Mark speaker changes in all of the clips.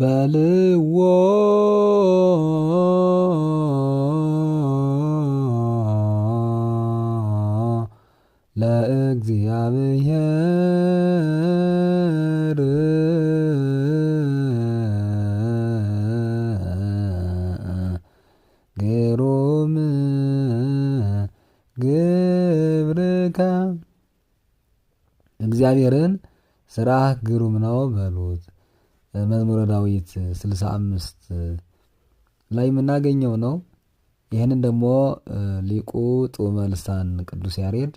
Speaker 1: በልዎ ለእግዚአብሔር ግሩም ግብርከ እግዚአብሔርን ስራህ ግሩም ነው በሉት። መዝሙረ ዳዊት ስልሳ ላይ የምናገኘው ነው። ይህንን ደግሞ ሊቁ ጡመ ልሳን ቅዱስ ያሬድ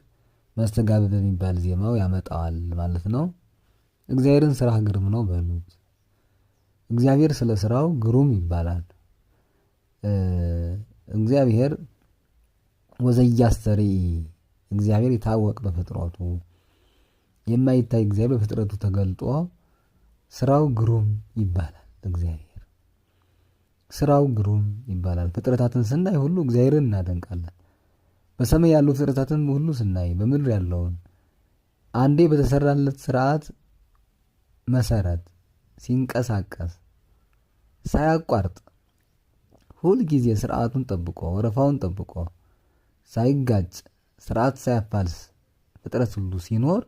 Speaker 1: መስተጋብ በሚባል ዜማው ያመጣዋል ማለት ነው። እግዚአብሔርን ስራህ ግርም ነው በሉት። እግዚአብሔር ስለ ስራው ግሩም ይባላል። እግዚአብሔር ወዘያስተሪ እግዚአብሔር የታወቅ በፍጥረቱ የማይታይ እግዚአብሔር በፍጥረቱ ተገልጦ ስራው ግሩም ይባላል። እግዚአብሔር ስራው ግሩም ይባላል። ፍጥረታትን ስናይ ሁሉ እግዚአብሔርን እናደንቃለን። በሰማይ ያሉ ፍጥረታትን ሁሉ ስናይ በምድር ያለውን አንዴ በተሰራለት ስርዓት መሰረት ሲንቀሳቀስ ሳያቋርጥ ሁል ጊዜ ስርዓቱን ጠብቆ ወረፋውን ጠብቆ ሳይጋጭ ስርዓት ሳያፋልስ ፍጥረት ሁሉ ሲኖር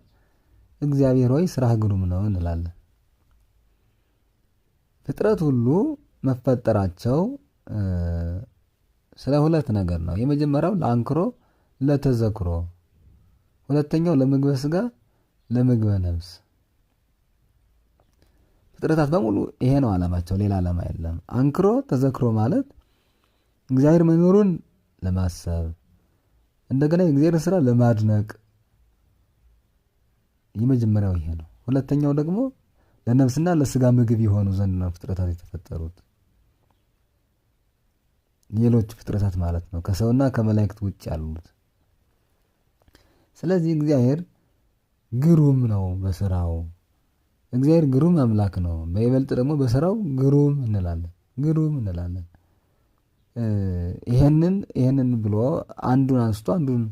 Speaker 1: እግዚአብሔር ሆይ ስራህ ግሩም ነው እንላለን። ፍጥረት ሁሉ መፈጠራቸው ስለ ሁለት ነገር ነው። የመጀመሪያው ለአንክሮ ለተዘክሮ፣ ሁለተኛው ለምግበ ስጋ ለምግበ ነብስ። ፍጥረታት በሙሉ ይሄ ነው ዓላማቸው፣ ሌላ ዓላማ የለም። አንክሮ ተዘክሮ ማለት እግዚአብሔር መኖሩን ለማሰብ እንደገና የእግዚአብሔር ስራ ለማድነቅ የመጀመሪያው ይሄ ነው። ሁለተኛው ደግሞ ለነፍስና ለስጋ ምግብ የሆኑ ዘንድ ነው ፍጥረታት የተፈጠሩት። ሌሎች ፍጥረታት ማለት ነው ከሰውና ከመላእክት ውጭ ያሉት። ስለዚህ እግዚአብሔር ግሩም ነው በስራው። እግዚአብሔር ግሩም አምላክ ነው። በይበልጥ ደግሞ በስራው ግሩም እንላለን፣ ግሩም እንላለን። ይሄንን ይሄንን ብሎ አንዱን አንስቶ አንዱን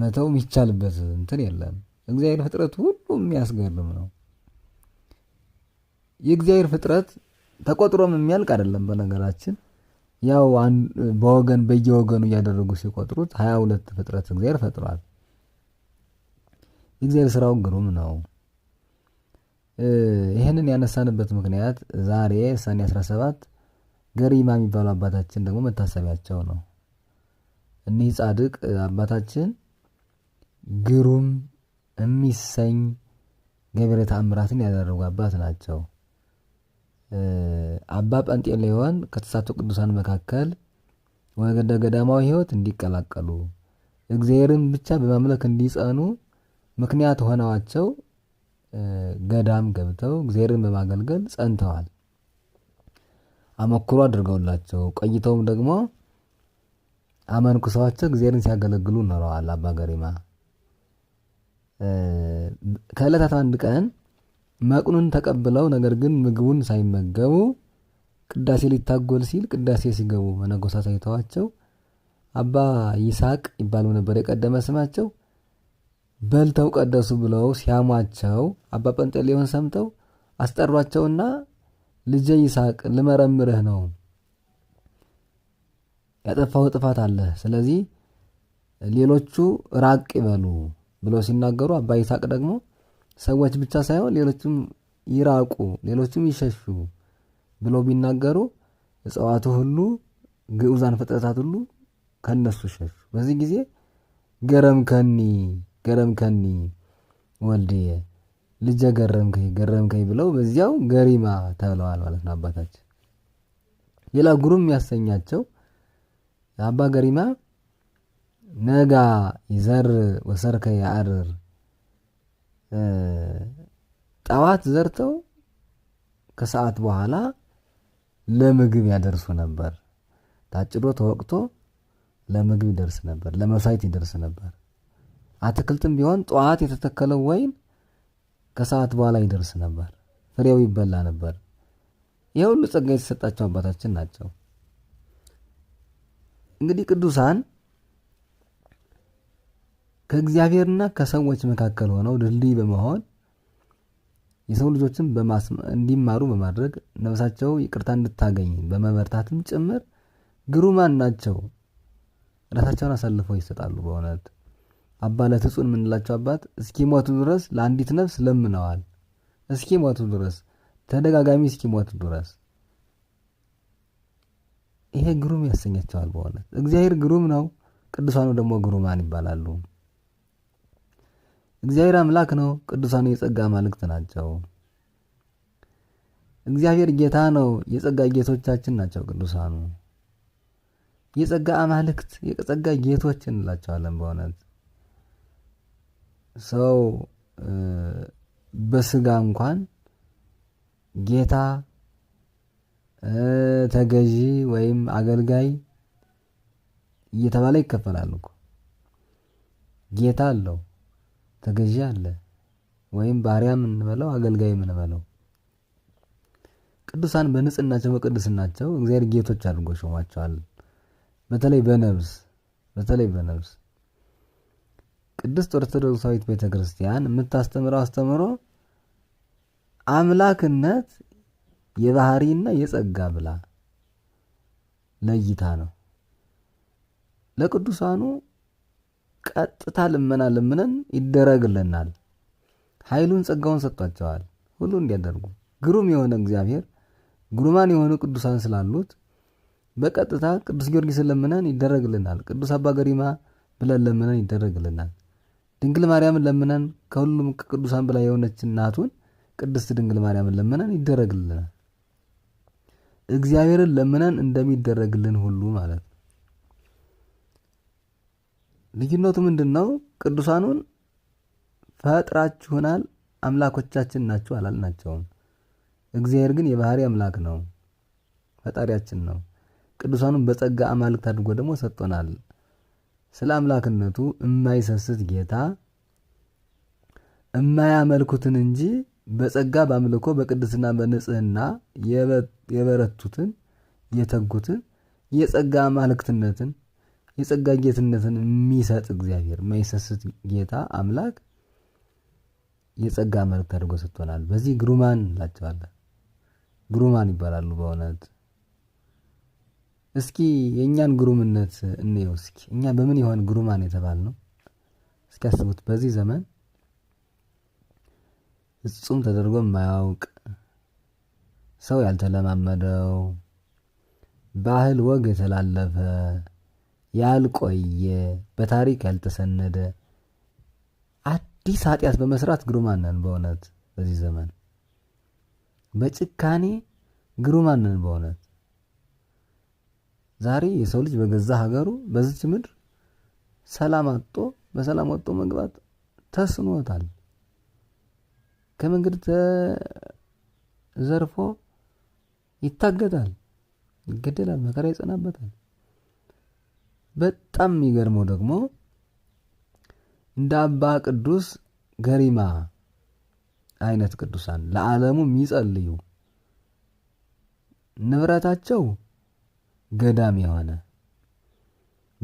Speaker 1: መተው የሚቻልበት እንትን የለም። እግዚአብሔር ፍጥረት ሁሉ የሚያስገርም ነው። የእግዚአብሔር ፍጥረት ተቆጥሮም የሚያልቅ አይደለም። በነገራችን ያው በወገን በየወገኑ እያደረጉ ሲቆጥሩት ሀያ ሁለት ፍጥረት እግዚአብሔር ፈጥሯል። የእግዚአብሔር ስራው ግሩም ነው። ይህንን ያነሳንበት ምክንያት ዛሬ ሰኔ 17 ገሪማ የሚባሉ አባታችን ደግሞ መታሰቢያቸው ነው። እኒህ ጻድቅ አባታችን ግሩም የሚሰኝ ገቢረ ተአምራትን ያደረጉ አባት ናቸው። አባ ጳንጤሌዎን ከተሳቱ ቅዱሳን መካከል ወደ ገዳማዊ ሕይወት እንዲቀላቀሉ እግዚአብሔርን ብቻ በማምለክ እንዲጸኑ ምክንያት ሆነዋቸው ገዳም ገብተው እግዚአብሔርን በማገልገል ጸንተዋል። አመክሮ አድርገውላቸው ቆይተውም ደግሞ አመንኩሰዋቸው እግዚአብሔርን ሲያገለግሉ ኖረዋል። አባ ገሪማ ከዕለታት አንድ ቀን መቅኑን ተቀብለው ነገር ግን ምግቡን ሳይመገቡ ቅዳሴ ሊታጎል ሲል ቅዳሴ ሲገቡ መነኮሳት አይተዋቸው አባ ይስሐቅ ይባሉ ነበር የቀደመ ስማቸው። በልተው ቀደሱ ብለው ሲያሟቸው አባ ጰንጠሌዎን ሰምተው አስጠሯቸውና ልጄ ይስሐቅ ልመረምርህ ነው፣ ያጠፋው ጥፋት አለ። ስለዚህ ሌሎቹ ራቅ ይበሉ ብለው ሲናገሩ አባ ይስሐቅ ደግሞ ሰዎች ብቻ ሳይሆን ሌሎችም ይራቁ፣ ሌሎችም ይሸሹ ብለው ቢናገሩ እጽዋቱ ሁሉ ግዑዛን ፍጥረታት ሁሉ ከነሱ ሸሹ። በዚህ ጊዜ ገረም ከኒ ገረም ከኒ ወልድየ ልጀ ገረምከኝ ገረምከኝ ብለው በዚያው ገሪማ ተብለዋል ማለት ነው አባታችን። ሌላ ግሩም ያሰኛቸው አባ ገሪማ ነጋ ይዘር ወሰርከ ያአርር ጠዋት ዘርተው ከሰዓት በኋላ ለምግብ ያደርሱ ነበር። ታጭዶ ተወቅቶ ለምግብ ይደርስ ነበር፣ ለመሳይት ይደርስ ነበር። አትክልትም ቢሆን ጠዋት የተተከለው ወይን ከሰዓት በኋላ ይደርስ ነበር፣ ፍሬው ይበላ ነበር። ይህ ሁሉ ጸጋ የተሰጣቸው አባታችን ናቸው። እንግዲህ ቅዱሳን ከእግዚአብሔርና ከሰዎች መካከል ሆነው ድልድይ በመሆን የሰው ልጆችን እንዲማሩ በማድረግ ነፍሳቸው ይቅርታ እንድታገኝ በመበርታትም ጭምር ግሩማን ናቸው። ራሳቸውን አሳልፈው ይሰጣሉ። በእውነት አባ ለትጹን የምንላቸው አባት እስኪሞቱ ድረስ ለአንዲት ነፍስ ለምነዋል። እስኪሞቱ ድረስ ተደጋጋሚ እስኪሞቱ ድረስ ይሄ ግሩም ያሰኛቸዋል። በእውነት እግዚአብሔር ግሩም ነው። ቅዱሳኑ ደግሞ ግሩማን ይባላሉ። እግዚአብሔር አምላክ ነው። ቅዱሳኑ የጸጋ አማልክት ናቸው። እግዚአብሔር ጌታ ነው። የጸጋ ጌቶቻችን ናቸው ቅዱሳኑ። የጸጋ አማልክት፣ የጸጋ ጌቶች እንላቸዋለን። በእውነት ሰው በስጋ እንኳን ጌታ ተገዢ ወይም አገልጋይ እየተባለ ይከፈላል እኮ ጌታ አለው ተገዢ አለ ወይም ባሪያ እንበለው አገልጋይ እንበለው ቅዱሳን በንጽህናቸው በቅድስናቸው እግዚአብሔር ጌቶች አድርጎ ሾሟቸዋል። በተለይ በነብስ በተለይ በነብስ ቅድስት ኦርቶዶክሳዊት ቤተ ክርስቲያን የምታስተምረው አስተምሮ አምላክነት የባህሪና የጸጋ ብላ ለይታ ነው ለቅዱሳኑ ቀጥታ ልመና ለምነን ይደረግልናል። ኃይሉን ጸጋውን ሰጥቷቸዋል ሁሉ እንዲያደርጉ ግሩም የሆነ እግዚአብሔር ግሩማን የሆኑ ቅዱሳን ስላሉት በቀጥታ ቅዱስ ጊዮርጊስን ለምነን ይደረግልናል። ቅዱስ አባ ገሪማ ብለን ለምነን ይደረግልናል። ድንግል ማርያምን ለምነን ከሁሉም ከቅዱሳን በላይ የሆነች እናቱን ቅድስት ድንግል ማርያምን ለምነን ይደረግልናል። እግዚአብሔርን ለምነን እንደሚደረግልን ሁሉ ማለት ነው። ልዩነቱ ምንድን ነው? ቅዱሳኑን ፈጥራችሁናል አምላኮቻችን ናችሁ አላልናቸውም። እግዚአብሔር ግን የባህሪ አምላክ ነው፣ ፈጣሪያችን ነው። ቅዱሳኑን በጸጋ አማልክት አድርጎ ደግሞ ሰጥቶናል። ስለ አምላክነቱ የማይሰስት ጌታ የማያመልኩትን እንጂ በጸጋ በአምልኮ በቅድስና በንጽህና የበረቱትን የተጉትን የጸጋ አማልክትነትን የጸጋ ጌትነትን የሚሰጥ እግዚአብሔር የማይሰስት ጌታ አምላክ የጸጋ መልክ አድርጎ ሰጥቶናል። በዚህ ግሩማን እንላቸዋለን። ግሩማን ይባላሉ። በእውነት እስኪ የእኛን ግሩምነት እንየው። እስኪ እኛ በምን ይሆን ግሩማን የተባል ነው እስኪ አስቡት። በዚህ ዘመን ፍጹም ተደርጎ የማያውቅ ሰው ያልተለማመደው ባህል ወግ የተላለፈ ያልቆየ በታሪክ ያልተሰነደ አዲስ ኃጢአት በመስራት ግሩማነን በእውነት በዚህ ዘመን በጭካኔ ግሩማነን በእውነት ዛሬ የሰው ልጅ በገዛ ሀገሩ በዚች ምድር ሰላም አጥቶ በሰላም ወጥቶ መግባት ተስኖታል ከመንገድ ተዘርፎ ይታገታል ይገደላል መከራ ይጸናበታል በጣም የሚገርመው ደግሞ እንደ አባ ቅዱስ ገሪማ አይነት ቅዱሳን ለዓለሙ የሚጸልዩ ንብረታቸው ገዳም የሆነ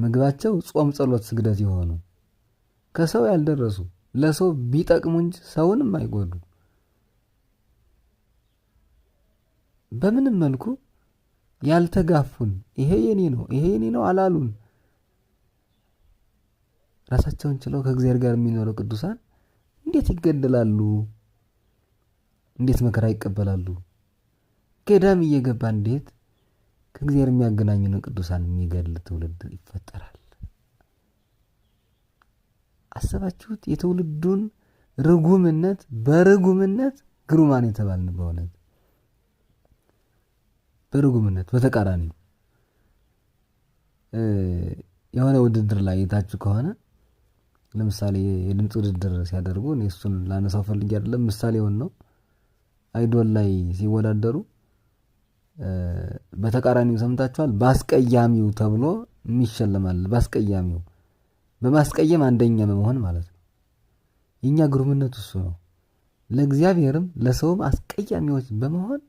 Speaker 1: ምግባቸው ጾም፣ ጸሎት፣ ስግደት የሆኑ ከሰው ያልደረሱ ለሰው ቢጠቅሙ እንጂ ሰውንም አይጎዱ። በምንም መልኩ ያልተጋፉን ይሄ የኔ ነው ይሄ የኔ ነው አላሉን። ራሳቸውን ችለው ከእግዚአብሔር ጋር የሚኖሩ ቅዱሳን እንዴት ይገደላሉ? እንዴት መከራ ይቀበላሉ? ገዳም እየገባ እንዴት ከእግዚአብሔር የሚያገናኙን ቅዱሳን የሚገድል ትውልድ ይፈጠራል? አሰባችሁት? የትውልዱን ርጉምነት በርጉምነት ግሩማን የተባልን በእውነት በርጉምነት በተቃራኒው የሆነ ውድድር ላይ የታችሁ ከሆነ ለምሳሌ የድምፅ ውድድር ሲያደርጉ እኔ እሱን ላነሳው ፈልጌ አይደለም፣ ሆን ነው። አይዶል ላይ ሲወዳደሩ በተቃራኒው ሰምታችኋል። በአስቀያሚው ተብሎ የሚሸለማል። በአስቀያሚው በማስቀየም አንደኛ በመሆን ማለት ነው። የእኛ ግሩምነት እሱ ነው። ለእግዚአብሔርም ለሰውም አስቀያሚዎች በመሆን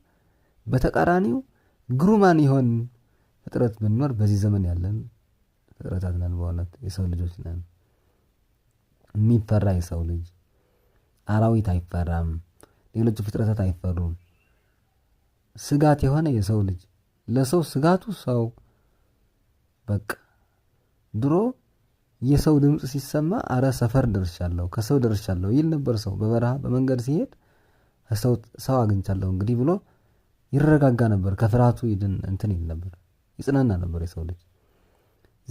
Speaker 1: በተቃራኒው ግሩማን የሆን ፍጥረት ብንኖር በዚህ ዘመን ያለን ፍጥረታት ነን። በእውነት የሰው ልጆች ነን። የሚፈራ የሰው ልጅ አራዊት አይፈራም። ሌሎች ፍጥረታት አይፈሩም። ስጋት የሆነ የሰው ልጅ ለሰው ስጋቱ ሰው በቃ ድሮ የሰው ድምፅ ሲሰማ አረ ሰፈር ደርሻለሁ ከሰው ደርሻለሁ ይል ነበር። ሰው በበረሃ በመንገድ ሲሄድ ሰው አግኝቻለሁ እንግዲህ ብሎ ይረጋጋ ነበር። ከፍርሃቱ ይድን እንትን ይል ነበር፣ ይጽናና ነበር የሰው ልጅ።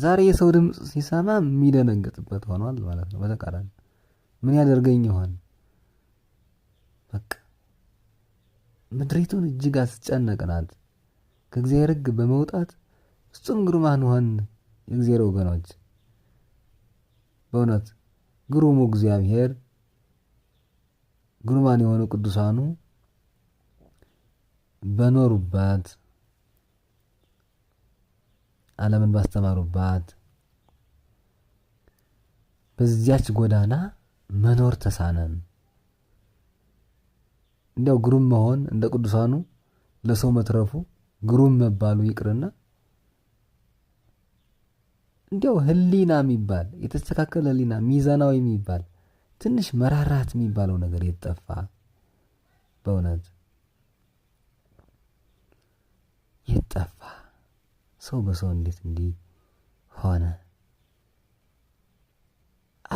Speaker 1: ዛሬ የሰው ድምፅ ሲሰማ የሚደነግጥበት ሆኗል ማለት ነው። በተቃራኒ ምን ያደርገኝ ይሆን? በቃ ምድሪቱን እጅግ አስጨነቅናት። ከእግዚአብሔር ሕግ በመውጣት ፍጹም ግሩማን ሆን የእግዚአብሔር ወገኖች፣ በእውነት ግሩሙ እግዚአብሔር ግሩማን የሆኑ ቅዱሳኑ በኖሩባት ዓለምን ባስተማሩባት በዚያች ጎዳና መኖር ተሳነን። እንዲያው ግሩም መሆን እንደ ቅዱሳኑ ለሰው መትረፉ ግሩም መባሉ ይቅርና እንዲያው ህሊና የሚባል የተስተካከለ ህሊና ሚዛናዊ የሚባል ትንሽ መራራት የሚባለው ነገር የጠፋ በእውነት የጠፋ ሰው በሰው እንዴት እንዲህ ሆነ?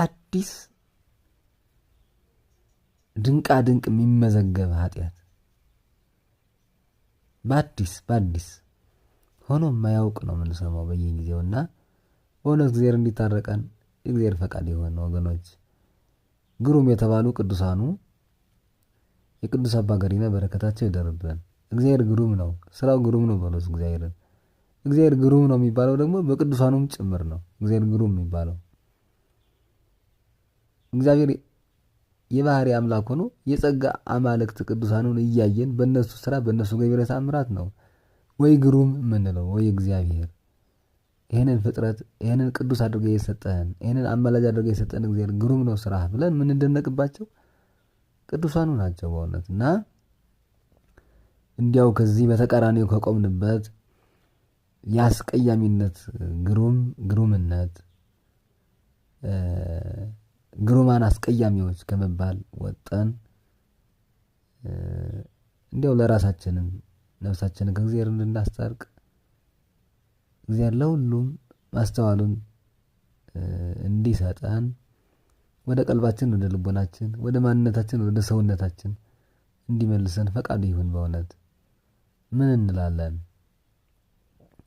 Speaker 1: አዲስ ድንቃ ድንቅ የሚመዘገብ ኃጢአት በአዲስ በአዲስ ሆኖ የማያውቅ ነው የምንሰማው በየጊዜው እና በእውነት እግዚአብሔር እንዲታረቀን እግዚአብሔር ፈቃድ የሆነ ወገኖች ግሩም የተባሉ ቅዱሳኑ የቅዱስ አባ ገሪማ በረከታቸው ይደርብን። እግዚአብሔር ግሩም ነው፣ ስራው ግሩም ነው በሎት እግዚአብሔርን እግዚአብሔር ግሩም ነው የሚባለው ደግሞ በቅዱሳኑም ጭምር ነው። እግዚአብሔር ግሩም የሚባለው እግዚአብሔር የባህሪ አምላክ ሆኖ የጸጋ አማልክት ቅዱሳኑን እያየን በእነሱ ስራ በእነሱ ገቢረ ተአምራት ነው ወይ ግሩም የምንለው ወይ እግዚአብሔር ይህንን ፍጥረት ይህንን ቅዱስ አድርገ የሰጠህን ይህንን አማላጅ አድርገ የሰጠህን እግዚአብሔር ግሩም ነው ስራ ብለን የምንደነቅባቸው ቅዱሳኑ ናቸው በእውነት እና እንዲያው ከዚህ በተቃራኒው ከቆምንበት የአስቀያሚነት ግሩም ግሩምነት ግሩማን አስቀያሚዎች ከመባል ወጠን እንዲያው ለራሳችንም ነፍሳችንን ከእግዚአብሔር እንድናስታርቅ እግዚአብሔር ለሁሉም ማስተዋሉን እንዲሰጠን ወደ ቀልባችን፣ ወደ ልቦናችን፣ ወደ ማንነታችን፣ ወደ ሰውነታችን እንዲመልሰን ፈቃዱ ይሁን። በእውነት ምን እንላለን?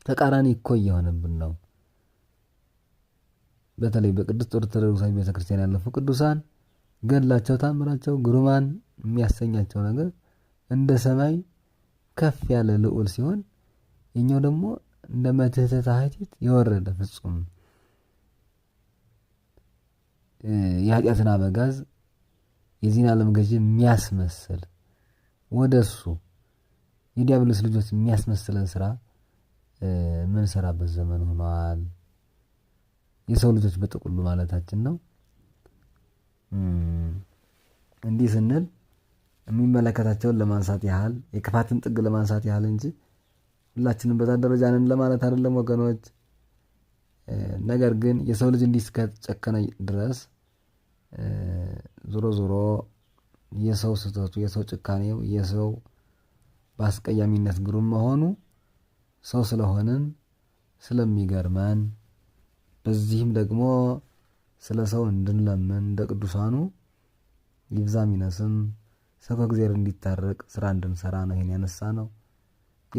Speaker 1: ተቃራኒ እኮ እየሆነብን ነው። በተለይ በቅድስት ኦርቶዶክሳዊ ቤተክርስቲያን ያለፉ ቅዱሳን ገድላቸው፣ ታምራቸው ግሩማን የሚያሰኛቸው ነገር እንደ ሰማይ ከፍ ያለ ልዑል ሲሆን የኛው ደግሞ እንደ መትሕተተ የወረደ ፍጹም የኃጢአትን አበጋዝ የዚህን ዓለም ገዥ የሚያስመስል ወደ እሱ የዲያብሎስ ልጆች የሚያስመስለን ስራ የምንሰራበት ዘመን ሆኗል። የሰው ልጆች በጥቅሉ ማለታችን ነው። እንዲህ ስንል የሚመለከታቸውን ለማንሳት ያህል የክፋትን ጥግ ለማንሳት ያህል እንጂ ሁላችንም በዛ ደረጃ ነን ለማለት አይደለም ወገኖች። ነገር ግን የሰው ልጅ እንዲህ እስከጨከነ ድረስ ዞሮ ዞሮ የሰው ስህተቱ፣ የሰው ጭካኔው፣ የሰው በአስቀያሚነት ግሩም መሆኑ ሰው ስለሆንን ስለሚገርመን በዚህም ደግሞ ስለ ሰው እንድንለምን እንደ ቅዱሳኑ ይብዛም ይነስም ሰው ከእግዚአብሔር እንዲታረቅ ስራ እንድንሰራ ነው። ይህን ያነሳ ነው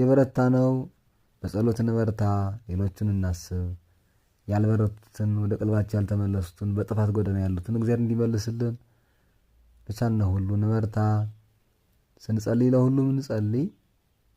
Speaker 1: የበረታ ነው። በጸሎት እንበርታ፣ ሌሎቹን እናስብ። ያልበረቱትን ወደ ቀልባቸው ያልተመለሱትን በጥፋት ጎዳና ያሉትን እግዚአብሔር እንዲመልስልን ብቻ ነው። ሁሉ እንበርታ። ስንጸልይ ለሁሉም እንጸልይ።